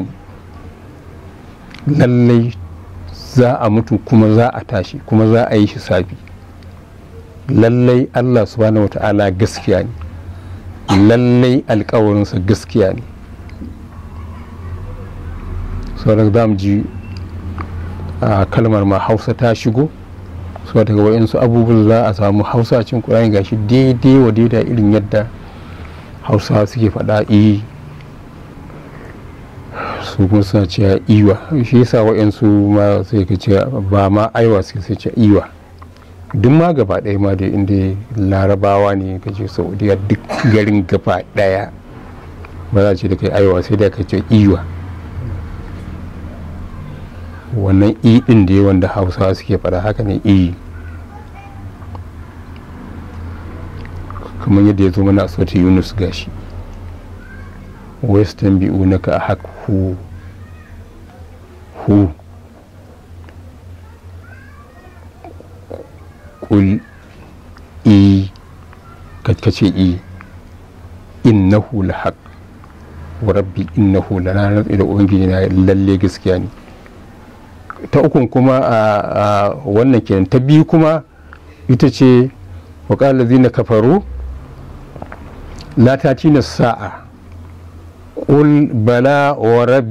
ne lallai za a mutu kuma za a tashi kuma za a yi shi sabi lallai allah subhanahu wa ta'ala gaskiya ne lallai alkawarinsa gaskiya ne sauran za mu ji a kalmar ma hausa ta shigo sau daga wa'insu abubuwan za a samu hausa cin ƙura'in gashi daidai wa daidai irin yadda hausa suke faɗa e su kun suna cewa iwa shi yasa wa'yansu ma sai ka ce ba ma aiwa suke sai ce iwa duk ma gaba ɗaya ma da inda larabawa ne ka ce saudiya duk garin gaba ɗaya ba za ce da kai aiwa sai da ka ce iwa wannan i e ɗin da yawan da hausa suke faɗa haka ne i e. kamar yadda ya zo mana a sautin yunus gashi western bi'u na ka hak hu hu kul i katkace i innahu la haq wa rabbi innahu la na rantsi da na lalle gaskiya ne ta ukun kuma a wannan kenan ta biyu kuma ita ce wa qala zina kafaru la tatina sa'a qul bala wa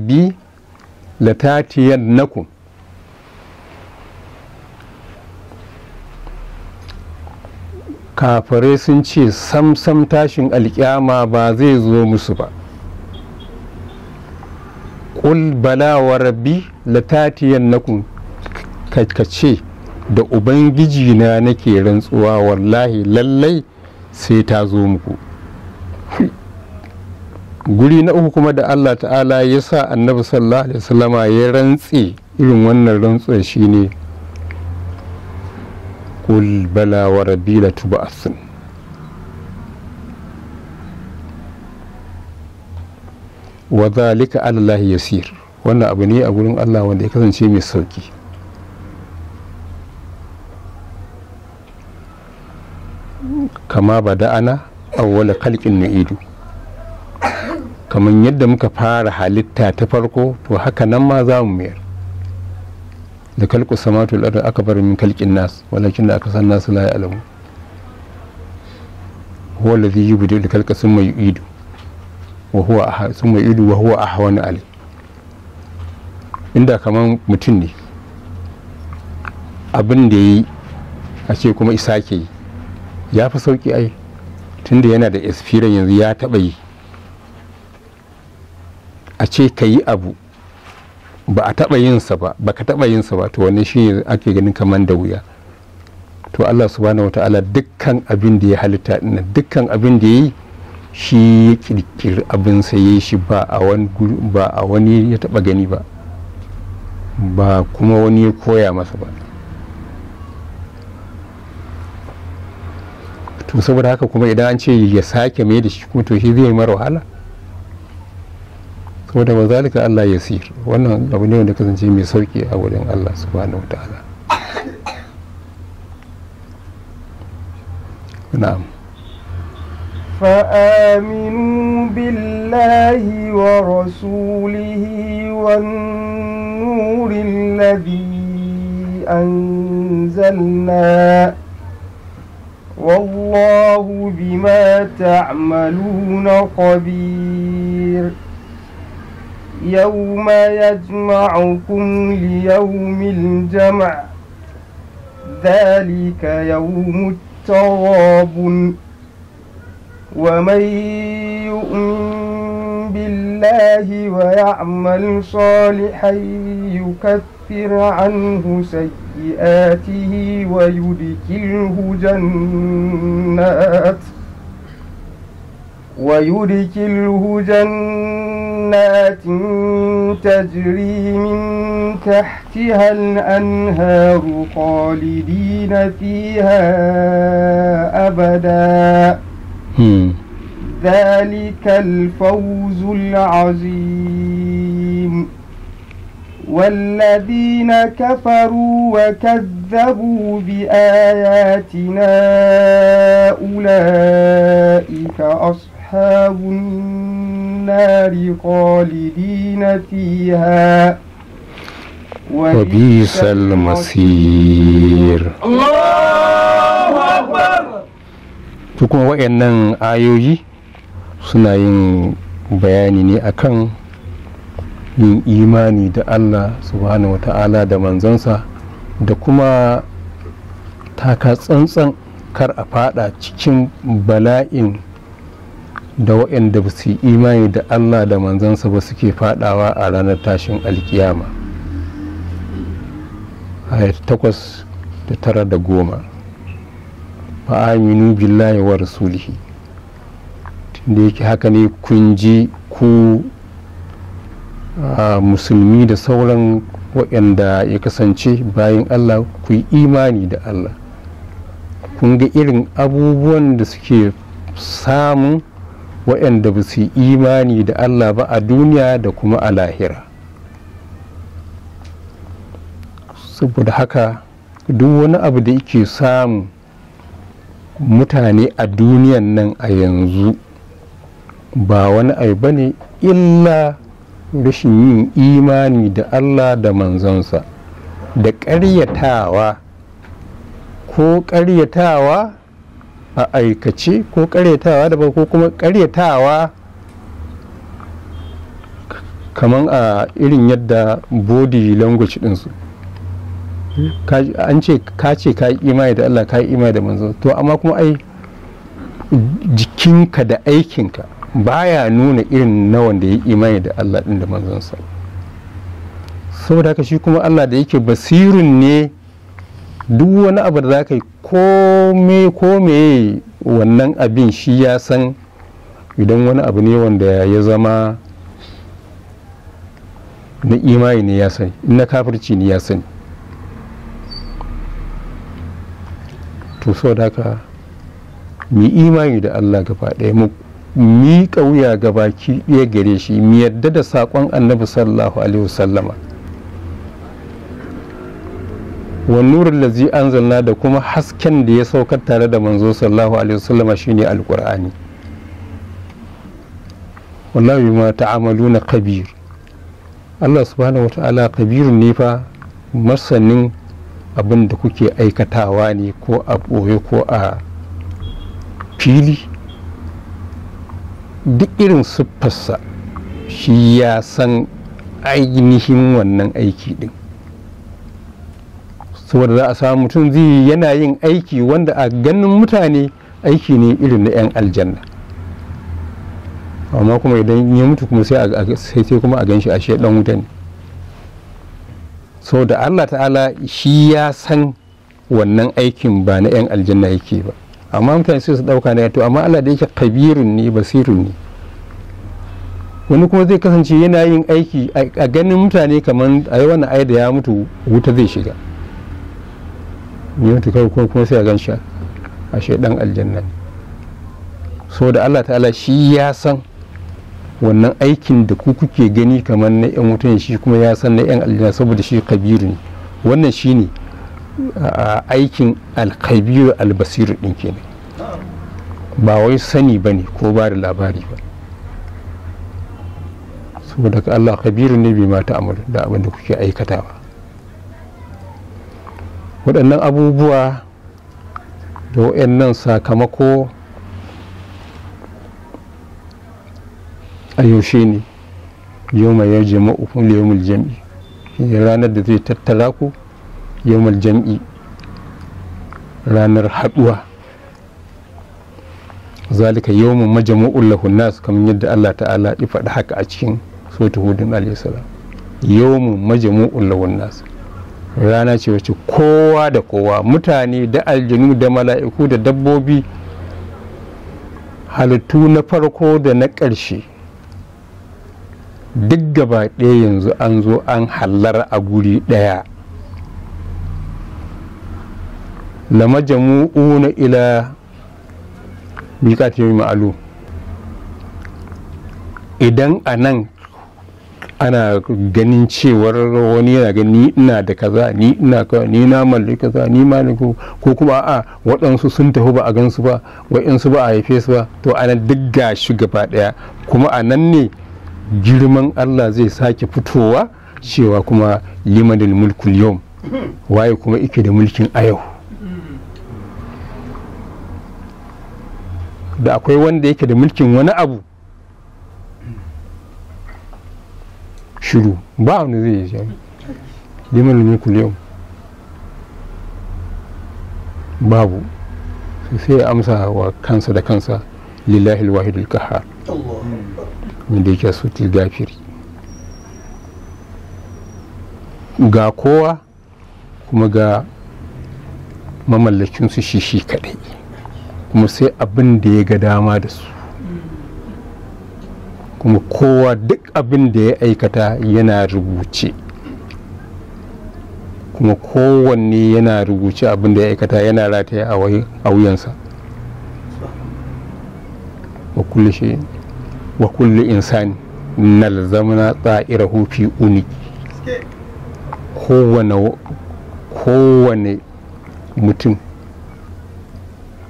kafirai sun ce samsam tashin alkyama ba zai zo musu ba ƙul bala wa rabbi latatiyannakum ka ce da ubangiji na nake rantsuwa wallahi lallai sai ta zo muku guri na uku kuma da allah ta'ala ya sa annabi sallallahu alaihi wasallama ya rantse irin wannan rantsuwar shine kul bala wa rabbi la tuba'asun wa zalika ya yasir wannan abu ne a gurin allah wanda ya kasance mai sauki kama ba da'ana awwala khalqin na'idu kamar yadda muka fara halitta ta farko to haka nan ma za mu mayar da kalku samatu al'adu aka bar min kalkin nas walakin da aka san nasu la ya'lamu huwa alladhi yubdi da kalka summa yu'idu wa huwa summa yu'idu wa huwa ahwanu ali inda kaman mutum ne abin da yi a ce kuma isa ke ya fi sauki ai tunda yana da experience yanzu ya taɓa yi a ce ka yi abu ba a taɓa yinsa ba ba ka taɓa yinsa ba to wani shi ake ganin kamar da wuya to allah subhanahu ta'ala dukkan abin da ya halitta ina dukkan abin da ya yi shi ya kirkir abin saye shi ba a wani ya taɓa gani ba ba kuma wani ya koya masa ba to saboda haka kuma idan an ce ya sake mai da shi kuma to shi zai yi mara wahala saboda ba zalika Allah ya sir wannan abu ne wanda kasance mai sauki a wurin Allah subhanahu wa ta'ala na'am فآمنوا wa wan والنور an أنزلنا والله بما تعملون خبير يوم يجمعكم ليوم الجمع ذلك يوم التواب ومن يؤمن بالله ويعمل صالحا يكفر عنه سيئاته ويدخله جنات ويدخله جنات تجري من تحتها الأنهار خالدين فيها أبدا hmm. ذلك الفوز العظيم والذين كفروا وكذبوا بآياتنا أولئك أصحاب النار خالدين فيها وبئس المصير الله أكبر تكون وإنن آيوجي suna yin bayani ne akan yin imani da allah subhanahu wa ta'ala da manzansa da kuma taka tsantsan kar a fada cikin bala'in da waɗanda ba su imani da allah da manzansa ba suke fadawa a ranar tashin alkiyama ayat takwas da tara da goma fa aminu billahi wa da yake haka ne kun ji ku ah, musulmi da sauran waɗanda ya kasance bayan allah ku yi imani da allah kun ga irin abubuwan da suke samun waɗanda ba su yi imani da allah ba a duniya da kuma a lahira saboda haka duk wani abu da yake samu mutane a duniyan nan a yanzu ba wani ai ba ne illa rashin yin imani da allah da manzonsa da ƙaryatawa ko ƙaryatawa a aikace ko karyatawa da ba ko kuma ƙaryatawa kamar a irin yadda body language ɗinsu an ce ka ce ka yi imani da allah ka yi imani da manzonsa. to amma kuma ai jikinka da aikinka baya nuna irin na wanda ya imani da Allah ɗin da manzansa saboda haka shi kuma Allah da yake basirin ne duk wani abu da za ka yi kome kome wannan abin shi ya san idan wani abu ne wanda ya zama na imani ne ya sani na kafirci ne ya sani to saboda haka mu imani da Allah gaba ɗaya mu miƙa wuya ga baki ɗaya gare shi mi yadda da saƙon annabi sallallahu alaihi wasallama wa nurin lazi anzalna da kuma hasken da ya saukar tare da manzo sallallahu alaihi wasallama shine alqur'ani wallahi ma na kabir Allah subhanahu wata'ala kabir ne fa masanin abinda kuke aikatawa ne ko a ɓoye ko a fili duk irin siffarsa shi ya san ainihin wannan aiki din saboda za a samu mutum zai yana yin aiki wanda a ganin mutane aiki ne irin na 'yan aljanna amma kuma idan ya mutu kuma sai kuma a gan shi ashe dan wuta ne saboda allah ta'ala shi ya san wannan aikin ba na 'yan aljanna yake ba amma mutane sai su dauka da to amma Allah da yake kabirin ne basirin ne wani kuma zai kasance yana yin aiki a ganin mutane kamar a yi wani aida ya mutu wuta zai shiga ne mutu kawai kuma sai a gan sha a shaidan aljanna da Allah ta'ala shi ya san wannan aikin da ku kuke gani kamar na 'yan wuta shi kuma ya san na 'yan aljanna saboda shi kabiru ne wannan shi ne aikin alkabiru albasiru ɗin kenan ba wai sani ba ne ko ba da labari ba saboda ka Allah kabiru ne bai mata amur da abin da kuke aikatawa waɗannan abubuwa da waɗannan sakamako a yaushe ne yau mai yau jama'u kuma yau jami'i ranar da zai tattara ku yawmal jam'i ranar haduwa zalika yawmun majmu'ul lahun nas kamar yadda Allah ta'ala ya faɗi haka a cikin sautu hudun alayhi salam yawmun majmu'ul lahun nas rana ce wacce kowa da kowa mutane da aljanu da mala'iku da dabbobi halittu na farko da na ƙarshe duk gaba ɗaya yanzu an zo an hallara a guri ɗaya lama na ila miƙati yau ma'alu idan a nan ana ganin cewar wani yana gani ni ina da kaza ni ina ni na mallaki kaza ni maliku ko kuma a waɗansu sun tafi ba a gansu ba waɗansu ba a haife su ba to ana duk gashi gaba ɗaya kuma a nan ne girman Allah zai sake fitowa cewa kuma limanil mulkul yau waye kuma ike da mulkin a yau da akwai wanda yake da mulkin wani abu shiru ba wanda zai yi jami ne. mulkul yau babu sai ya amsa wa kansa da kansa lillahi alwahidul kahar wanda yake so gafiri ga kowa kuma ga mamallakin su shi shi kadai kuma sai abin da ya ga dama da su kuma kowa duk abin da ya aikata yana rubuce kuma kowanne yana rubuce abin da ya aikata yana rataye a wuyansa wa kulle insani nalzamna tsa'ira hufi uni kowane mutum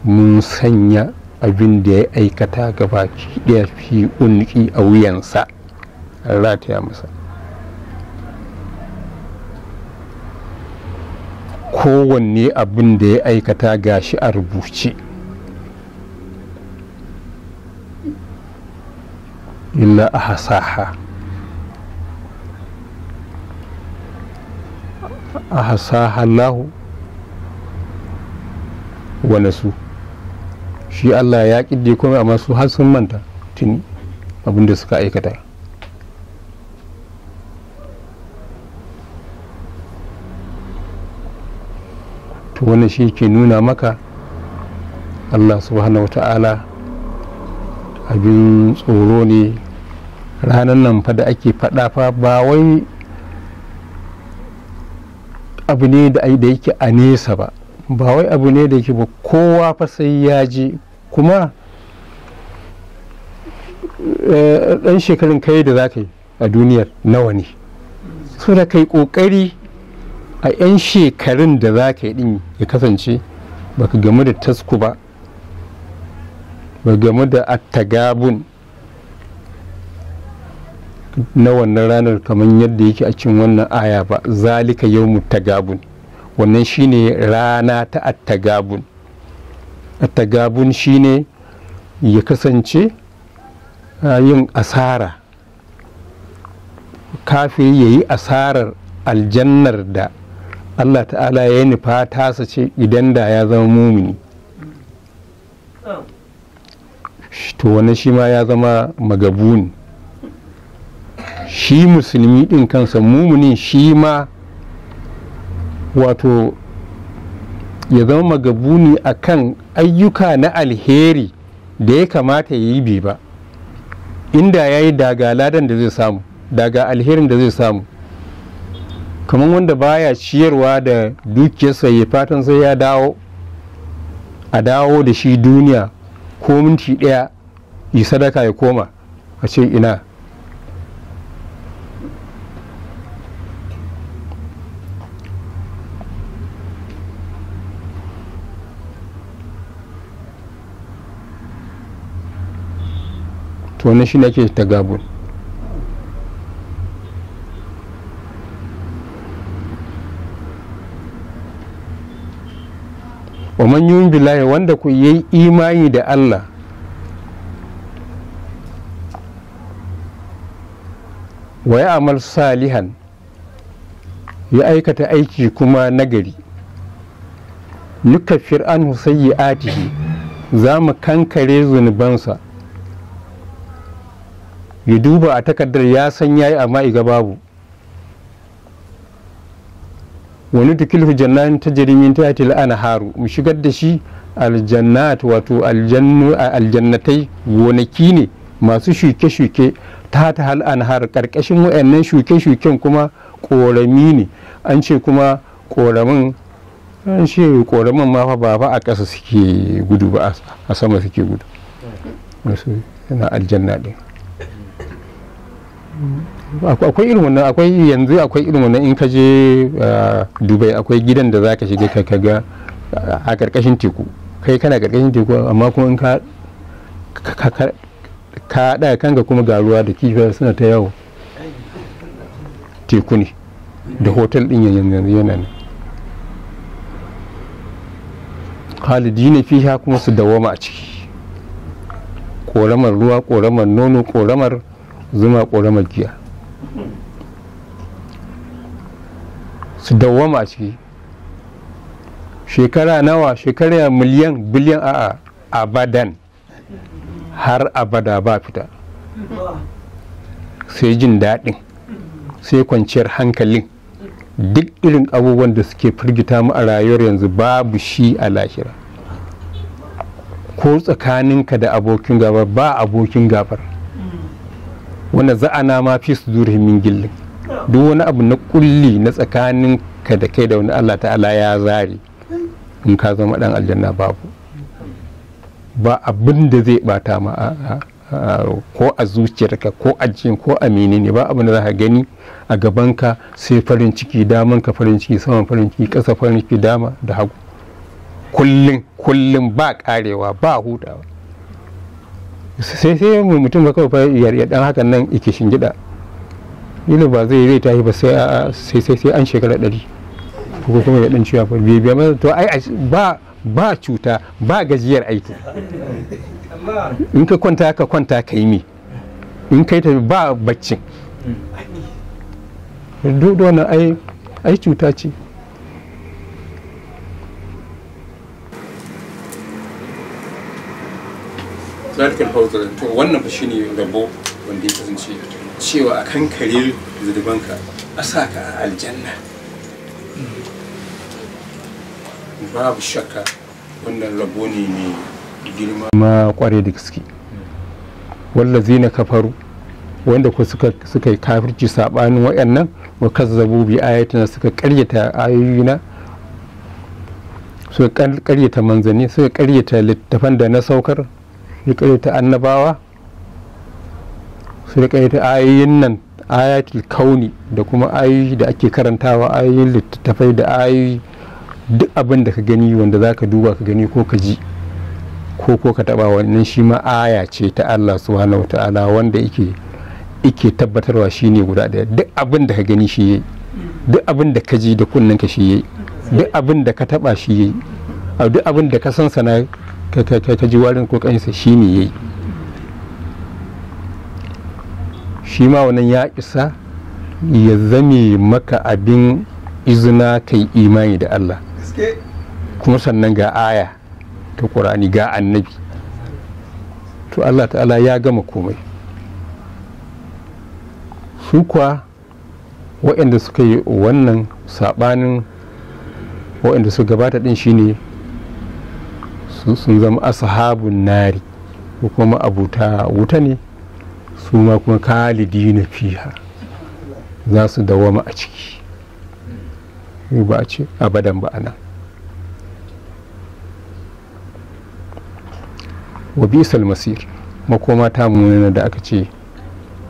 mun sanya abin da ya aikata baki ɗaya fi unki a wuyansa an rataya masa kowanne abin da ya aikata gashi a rubuce illa a hasaha a hasaha lahu wane su. shi allah ya kidde komai amma su har sun manta tuni abin da suka aikata to wani shi ke nuna maka allah subhanahu wata'ala abin tsoro ne ranar nan fada ake faɗa fa ba wai abu ne da yake a nesa ba ba wai abu ne da ke ba kowa fa sai ya ji kuma eh, ɗan shekarun kai da za ka yi a duniyar nawa ne su da kai ƙoƙari a 'yan shekarun da za ka yi ya kasance ba ka gamu da tasku ba ba gamu da attagabun na wannan ranar kamar yadda yake a cikin wannan aya ba zalika yau tagabun wannan shine rana ta attagabun attagabun shine ya kasance yin asara kafiri ya yi asarar aljannar da allah ta'ala ya yi nufa tasa ce idan da ya zama mumini to wani shi ma ya zama magabuni shi musulmi ɗin kansa mumunin shi ma wato ya zama magabuni a kan ayyuka na alheri da ya kamata ya yi bi ba inda ya yi daga ladan da zai samu daga alherin da zai samu kamar wanda baya ciyarwa da dukiyarsa ya fatan sai ya dawo a dawo da shi duniya ko minti ɗaya yi sadaka ya koma a ce ina to wannan shi ne ake gabun. wa man yu'min wanda ku yi imani da Allah wa ya amal salihan ya aikata aiki kuma nagari nuka fir'an atihi za mu kankare zunubansa ya duba a takardar ya san yayi amma iga babu wani tukilhu jannatin ta jirimin ta yati haru mu shigar da shi aljannat wato aljannatai gonaki ne masu shuke-shuke ta ta hal har karkashin wayannan shuke-shuken kuma korami ne an ce kuma koramin an ce koramin ma fa ba a ƙasa suke gudu ba a sama suke gudu yana aljanna akwai irin wannan akwai yanzu akwai irin wannan in ka je ah, dubai akwai gidan da zaka shiga ka kaga ah, a karkashin teku kai kana karkashin teku amma kuma in ka ka kanga kuma ga ruwa da kifiyar suna ta yawo teku ne da hotel ɗin yanzu yana ne khalidi ne fiha kuma su dawoma a ciki ƙoramar ruwa ƙoramar nono ƙoramar zuma ƙoramar makiya su dawwama a ciki shekara nawa shekara miliyan biliyan A abadan har abada ba fita sai jin daɗin sai kwanciyar hankalin duk irin abubuwan da suke firgita mu a rayuwar yanzu babu shi a lahira ko tsakaninka da abokin gabar ba abokin gabar wanda na ma fi su zuri min gillin duk wani abu na kulli na tsakanin ka da kai da wani Allah ta'ala ya zare in ka zama dan aljanna babu ba abin da zai bata ma ko a zuciyarka ko a jin ko a menene ba abin da za ka gani a gabanka sai farin ciki daman ka farin ciki saman farin ciki ƙasa farin ciki dama da hagu kullum kullum ba karewa ba hutawa sai sai mutum ba kawai ya dan hakan nan yake shingida ilu ba zai zai tashi ba sai sai sai an shekara ɗari ko kuma ya dan ciwa fa biya bai to ai ba ba cuta ba gajiyar aiki in ka kwanta ka kwanta ka yi mi in kai ta ba baccin duk da ai cuta ce clerical household to wannan fa shine rabo wanda yake zance cewa a kan kare zunubanka a sa ka a aljanna babu shakka wannan rabo ne ne girma ma kware da gaske wallazi na kafaru wanda ku suka yi kafirci sabanin waɗannan wa kazzabu bi ayatina suka karyata ayoyina suka karyata manzanni suka karyata littafan da na saukar ya ta annabawa su da karyata ayoyin nan ayatul kauni da kuma ayoyi da ake karantawa ayoyin littattafai da ayoyi duk abin da ka gani wanda za ka duba ka gani ko ka ji ko ko ka taba wannan shi ma aya ce ta Allah subhanahu ta'ala wanda yake ike tabbatarwa shine guda daya duk abin da ka gani shi yayi duk abin da ka ji da kunnen ka shi yayi duk abin da ka taba shi yayi duk abin da ka san sana ta ji warin ko kansa shi ne ya yi shi ma wannan ya isa ya zame maka abin izina ka yi imani da Allah kuma sannan ga aya ta ƙur'ani ga annabi to Allah ta'ala ya gama komai su kuwa waɗanda suka yi wannan saɓanin waɗanda su gabata ɗin shine sun zama ashabun nari ko kuma abuta wuta ne su ma kuma kalidi na fiha za su dawama a ciki ba a ce abadan ba anan wa bisal masir makoma ta munana da aka ce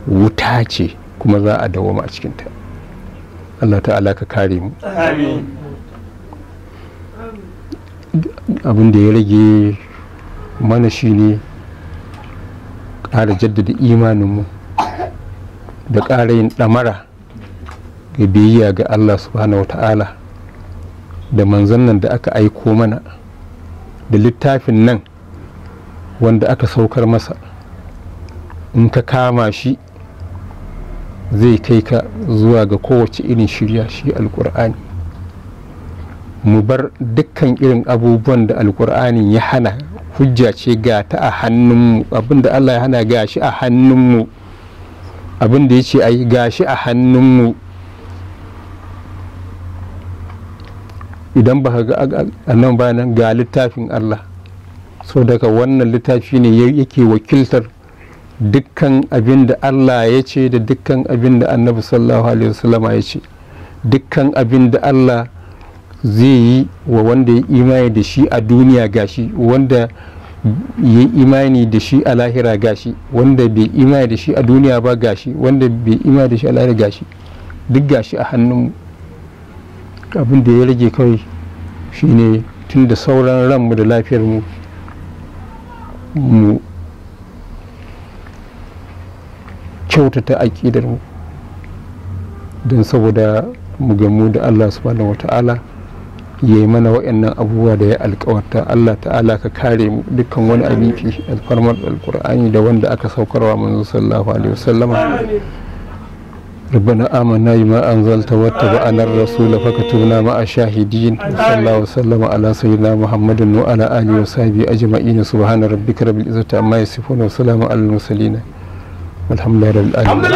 wuta ce kuma za a dawama a cikinta Allah ta'ala ka kare mu abin da ya rage mana shi ne ƙara jaddada imaninmu da ƙara yin ɗamara ga biyayya ga allah subhanahu wa ta'ala da manzan nan da aka aiko mana da littafin nan wanda aka saukar masa in ka kama shi zai kai ka zuwa ga kowace irin shirya shi alkur'ani mu bar dukkan irin abubuwan da alkur'ani ya hana hujja ce ga ta a hannunmu abinda allah ya hana gashi a hannunmu abinda ya ce a yi gashi a hannunmu idan ba ga nan bayanan ga littafin allah so daga wannan littafi ne yake wakiltar dukkan abin da allah ya ce da dukkan abin da annabi sallallahu alaihi wasallama ya ce dukkan abin da allah zai yi wa wanda ya imani da shi a duniya gashi wanda ya imani da shi a lahira gashi wanda bai imani da shi a duniya ba gashi wanda bai imani da shi a lahira gashi duk gashi a hannun abin da ya rage kawai shine tun da sauran ranmu da lafiyarmu mu kyautata aƙidarmu don saboda mu gamu da allah subhanahu wa ta'ala ya yi mana waɗannan abubuwa da ya alkawarta Allah ta'ala ka kare mu dukkan wani abiki alfarmar alkur'ani da wanda aka saukarwa manzo sallallahu alaihi wasallama ربنا آمنا بما أنزلت واتبعنا الرسول فكتبنا مع الشاهدين صلى الله وسلم على سيدنا محمد وعلى آله وصحبه أجمعين سبحان ربك رب العزة عما يصفون وسلام على المرسلين والحمد لله رب العالمين